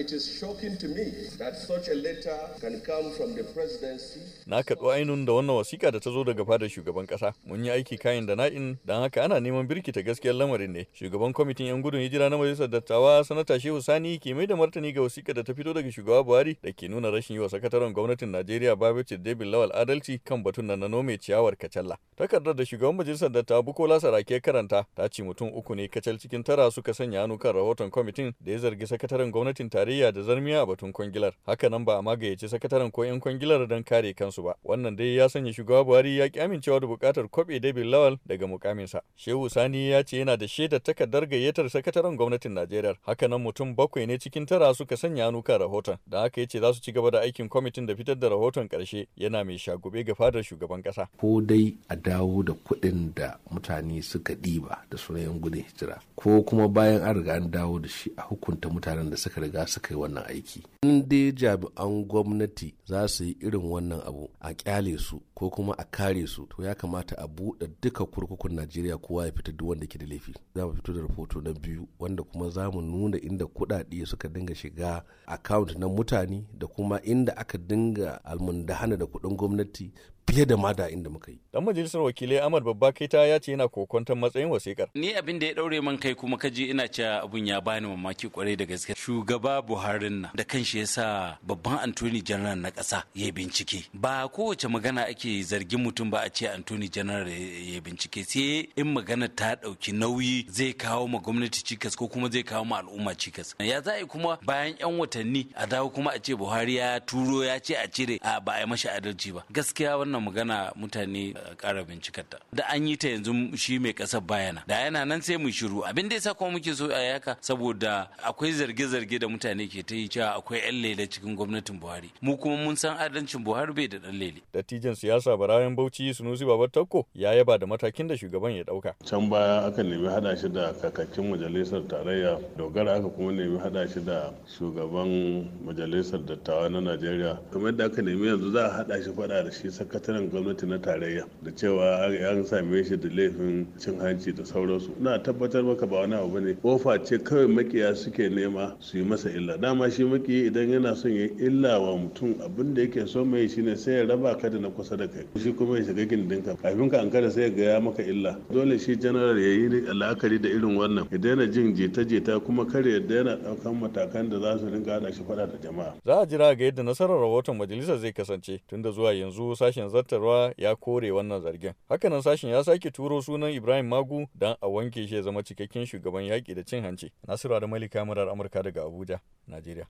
It is to me that such letter can come from the presidency. Na kaɗu ainihin da wannan wasiƙa da ta zo daga fadar shugaban ƙasa. Mun yi aiki kayan da na'in don haka ana neman birkita gaskiyar lamarin ne. Shugaban kwamitin 'yan gudun hijira na majalisar dattawa sanata Shehu Sani ke mai da martani ga wasiƙa da ta fito daga shugaba Buhari da ke nuna rashin yi wa sakataren gwamnatin Najeriya Babacir David Lawal adalci kan batun nan na nome ciyawar kacalla. Takardar da shugaban majalisar dattawa Bukola Sarake karanta ta ce mutum uku ne kacal cikin tara suka sanya hannu kan rahoton kwamitin da ya zargi sakataren gwamnatin tare tarayya da zarmiya a batun kwangilar hakanan ba a magayyaci sakataren ko 'yan kwangilar don kare kansu ba wannan dai ya sanya shugaba buhari ya ki amincewa da bukatar kwabe david lawal daga mukaminsa shehu sani ya ce yana da shaidar takardar gayyatar sakataren gwamnatin najeriya hakanan mutum bakwai ne cikin tara suka sanya hannu kan rahoton da haka ya ce za su ci gaba da aikin kwamitin da fitar da rahoton karshe yana mai shagube ga fadar shugaban kasa ko dai a dawo da kuɗin da mutane suka ɗiba da sunayen gudun hijira ko kuma bayan an riga an dawo da shi a hukunta mutanen da suka riga suka yi wannan aiki in dai jami'an gwamnati za su yi irin wannan abu a kyale su ko kuma a kare su to ya kamata a buɗe duka kurkukun najeriya kowa ya fita duk wanda ke da laifi za mu fito da rahoto na biyu wanda kuma za mu nuna inda kuɗaɗe suka dinga shiga account na mutane da kuma inda aka dinga almundahana da kuɗin gwamnati fiye da ma da inda muka yi. Dan majalisar wakilai Ahmad Babba Keita ya ce yana kokontan matsayin wasikar. Ni abin da ya daure man kai kuma kaji ina cewa abun ya bani mamaki kwarai da gaske. Shugaba Buhari na da kanshi yasa babban Anthony General na ƙasa ya bincike. Ba kowace magana ake ake zargin mutum ba a ce antoni General ya bincike sai in magana ta dauki nauyi zai kawo ma gwamnati cikas ko kuma zai kawo ma al'umma cikas. Ya za a yi kuma bayan 'yan watanni a dawo kuma a ce Buhari ya turo ya ce a cire a ba a yi mashi adalci ba. Gaskiya wannan magana mutane kara bincikarta. Da an yi ta yanzu shi mai kasar bayana. Da yana nan sai mu shiru abin da yasa kuma muke so a yaka saboda akwai zarge-zarge da mutane ke ta yi cewa akwai 'yan lele cikin gwamnatin Buhari. Mu kuma mun san adalcin Buhari bai da ɗan lele. Dattijan su ya siyasa Barayan Bauchi Sunusi Babatako ya yaba da matakin da shugaban ya dauka. Can baya aka nemi hada shi da kakakin majalisar tarayya dogara aka kuma nemi hada shi da shugaban majalisar dattawa na Najeriya. Kamar da aka nemi yanzu za a hada shi fada da shi sakataren gwamnati na tarayya da cewa an same shi da laifin cin hanci da sauransu. Na tabbatar maka ba wani abu ne. Kofa ce kawai makiya suke nema su yi masa illa. Dama shi makiyi idan yana son ya illa wa mutum abin da yake so mai shine sai ya raba ka da na kusa da kai shi kuma ya shiga gindin ka kafin ka ankara sai ga ya maka illa dole shi general ya yi la'akari da irin wannan ya daina jin jita-jita kuma kar ya daina daukan matakan da za su rinka hada shi fada da jama'a za a jira ga yadda nasarar rahoton majalisa zai kasance tunda zuwa yanzu sashen zartarwa ya kore wannan zargin hakanan sashen ya sake turo sunan ibrahim magu dan a wanke shi ya zama cikakken shugaban yaƙi da cin hanci nasiru da malika murar amurka daga abuja najeriya